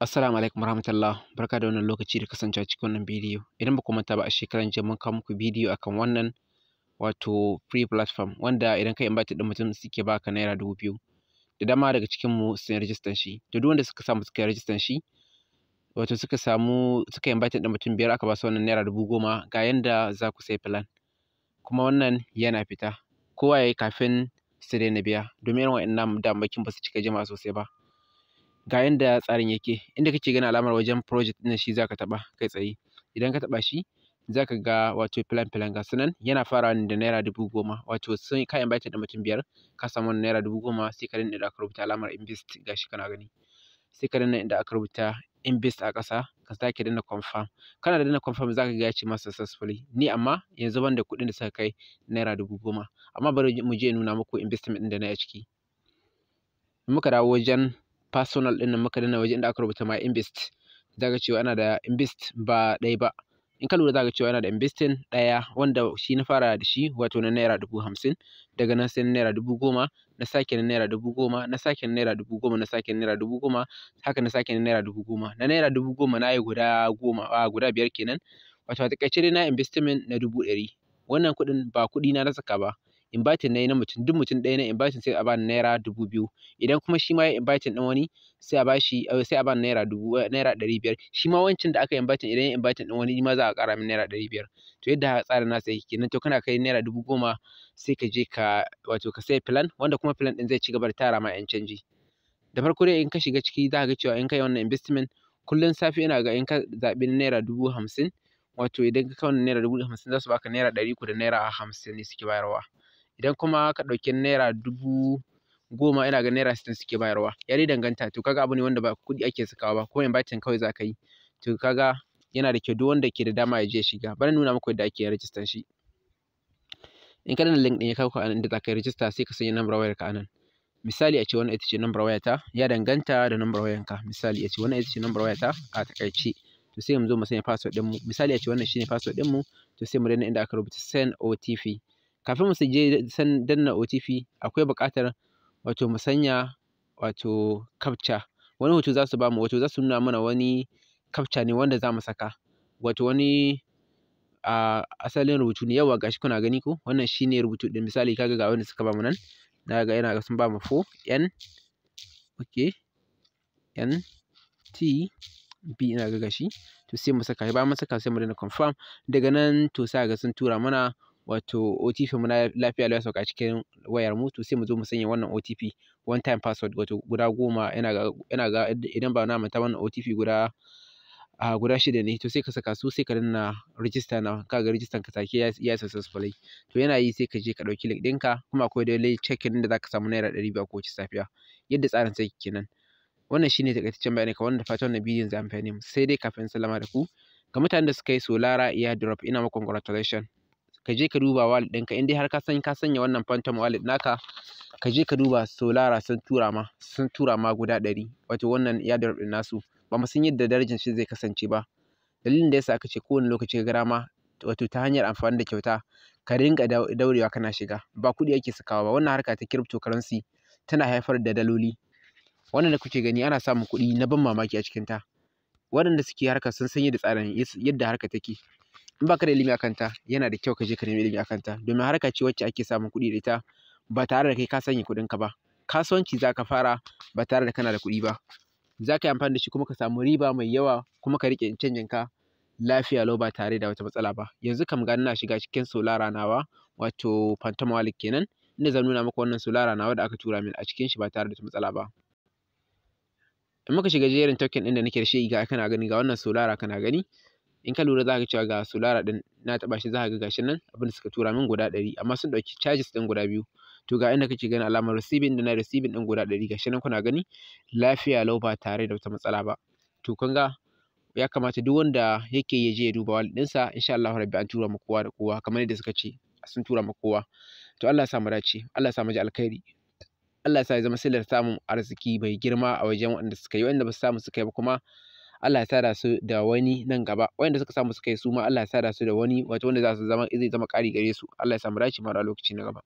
Assalamu alaikum warahmatullah barka da wannan lokaci da kasancewa cikin wannan bidiyo idan ba ku manta ba a shekaran jiya mun kawo muku bidiyo akan wannan wato free platform wanda idan ka invite din mutum suke baka naira dubu biyu da dama daga cikin mu sun register shi to duk wanda suka samu suka register shi wato suka samu suka invite din mutum biyar aka ba su wannan naira dubu goma ga yanda za ku sai plan kuma wannan yana fita kowa yayi kafin su daina biya domin irin wa'annan damammakin ba su cika jama'a sosai ba ga yanda tsarin yake inda kake ganin alamar wajen project ɗin shi zaka taɓa kai tsaye idan ka taɓa shi zaka ga wato filan filan ga sunan yana farawa ne da naira dubu goma wato sun ka invite da mutum biyar ka samu wannan naira dubu goma sai ka danna inda aka rubuta alamar invest gashi kana gani sai ka danna inda aka rubuta invest a ƙasa ka sake danna confirm kana da danna confirm zaka ga ya ce ma successfully ni amma yanzu ban da kuɗin da suka kai naira dubu goma amma bari mu je nuna muku investment ɗin da na yi a ciki muka dawo wajen personal ɗin nan muka danna waje inda aka rubuta my invest za ka cewa ana da invest ba ɗaya ba in ka lura za ka cewa ana da investing ɗaya wanda shi na fara da shi wato na naira dubu hamsin daga nan sai na naira dubu goma na sake na naira dubu goma na sake na naira dubu goma na sake na naira dubu goma haka na sake na naira dubu goma na naira dubu goma na yi guda goma a guda biyar kenan wato a taƙaice dai na investment na dubu ɗari wannan kuɗin ba kuɗi na na saka ba inviting nayi na mutum duk mutum ɗaya na inviting sai a bani naira dubu biyu idan kuma shi ma ya inviting ɗin wani sai a bashi eh, sai a bani naira dubu eh, naira ɗari biyar shi ma wancan da aka inviting idan ya inviting ɗin wani ma za a ƙara min naira ɗari biyar to yadda tsarin nasa yake kenan to kana kai naira dubu goma sai ka je ka wato ka sai plan wanda kuma plan ɗin zai ci gaba da tara ma 'yan canji da farko dai in ka shiga ciki za ka ga cewa in kai wannan investment kullum safe ina ga in ka zaɓi naira dubu hamsin wato idan ka kawo naira dubu hamsin za su baka naira ɗari uku da naira hamsin ne suke bayarwa Idan kuma ka ɗauki naira dubu goma ina ganin naira sittin suke bayarwa. Ya dai danganta. To kaga abu ne wanda ba kuɗi ake sakawa ba kuma inviting kawai za ka yi. To kaga yana da kyau duk wanda ke da dama ya je ya shiga. Bari in nuna muku yadda ake rijistan shi. In ka danna link ɗin ya kawo a inda za ka yi rijista sai ka sanya lambar wayarka anan. Misali ce wannan ita ce lambar wayata, ya danganta da lambar ka Misali ce wannan ita ce lambar wayata a taƙaice. To sai mu zo mu sanya password ɗinmu. Misali ce wannan shine password ɗinmu. To sai mu danna inda aka rubuta send OTP. kafin mu je san danna OTP akwai buƙatar wato mu sanya wato captcha wani hoto za su ba mu wato za su nuna mana wani captcha ne wanda za mu saka wato wani a asalin rubutu ne yawa gashi kuna gani ko wannan shine rubutu din misali kaga ga wanda suka ba mu nan na ga yana sun ba mu 4 n okay n t b ina ga gashi to sai mu saka bayan mun saka sai mu daina confirm daga nan to sai ga sun tura mana wato OTP mu na lafiya lau ya sauka cikin wayar mu to sai mu zo mu sanya wannan OTP one time password wato guda goma yana ga idan ba na manta wannan OTP guda a guda shida ne to sai ka saka su sai ka danna register na ka ga register ka take ya yi successfully to yana yi sai ka je ka ɗauki link ka kuma akwai daily check-in da zaka samu naira ɗari biyar kowace safiya yadda tsarin sai kenan wannan shine takaitaccen bayani kamar da fatan wannan bidiyon zai amfane mu sai dai kafin salama da ku ga mutanen da suka yi solara iya drop ina muku congratulation ka je ka duba wallet ɗinka in dai har ka san ka sanya wannan phantom wallet naka ka je ka duba solara sun tura ma sun tura ma guda ɗari wato wannan da ɗin nasu ba mu san yadda darajar shi zai kasance ba dalilin da yasa aka ce kowane lokaci ka ma wato ta hanyar amfani da kyauta ka rinka daurewa kana shiga ba kuɗi ake sakawa ba wannan harka ta cryptocurrency tana haifar da daloli wannan da kuke gani ana samun kuɗi na ban mamaki a cikinta waɗanda suke harka sun san yadda tsarin yadda harka take in baka da ilimi akan ta yana da kyau ka je ka nemi ilimi akan ta domin harka ce wacce ake samun kuɗi da ita ba tare da kai ka sanya kuɗin ka ba kasuwanci za ka fara ba tare da kana da kuɗi ba za ka yi amfani da shi kuma ka samu riba mai yawa kuma ka riƙe ka lafiya lau ba tare da wata matsala ba yanzu kam ga ina shiga cikin solara nawa wato phantom wallet kenan inda zan nuna maka wannan solara nawa da aka tura min a cikin shi ba tare da wata matsala ba in muka shiga jerin token ɗin da nake da shi ga kana gani ga wannan solara kana gani in ka lura za ka cewa ga Solara ɗin na taɓa shi za ka ga gashi nan abin da suka tura min guda ɗari amma sun ɗauki charges ɗin guda biyu to ga inda kake ganin alamar receiving da na receiving ɗin guda ɗari gashi nan kuna gani lafiya lau ba tare da wata matsala ba to kun ga ya kamata duk wanda yake ya je ya duba wallet ɗinsa insha Allah rabbi an tura ma kowa da kowa kamar yadda suka ce sun tura ma kowa to Allah ya sa mu dace Allah ya sa mu ji alkhairi Allah ya sa ya zama sillar samun arziki mai girma a wajen waɗanda suka yi waɗanda ba su samu suka yi ba kuma Allah ya sada su da wani nan gaba wayanda suka samu suka yi su ma Allah ya sada su da wani wato wanda za su zama zai zama ƙari gare su Allah ya samu dace mara lokaci na gaba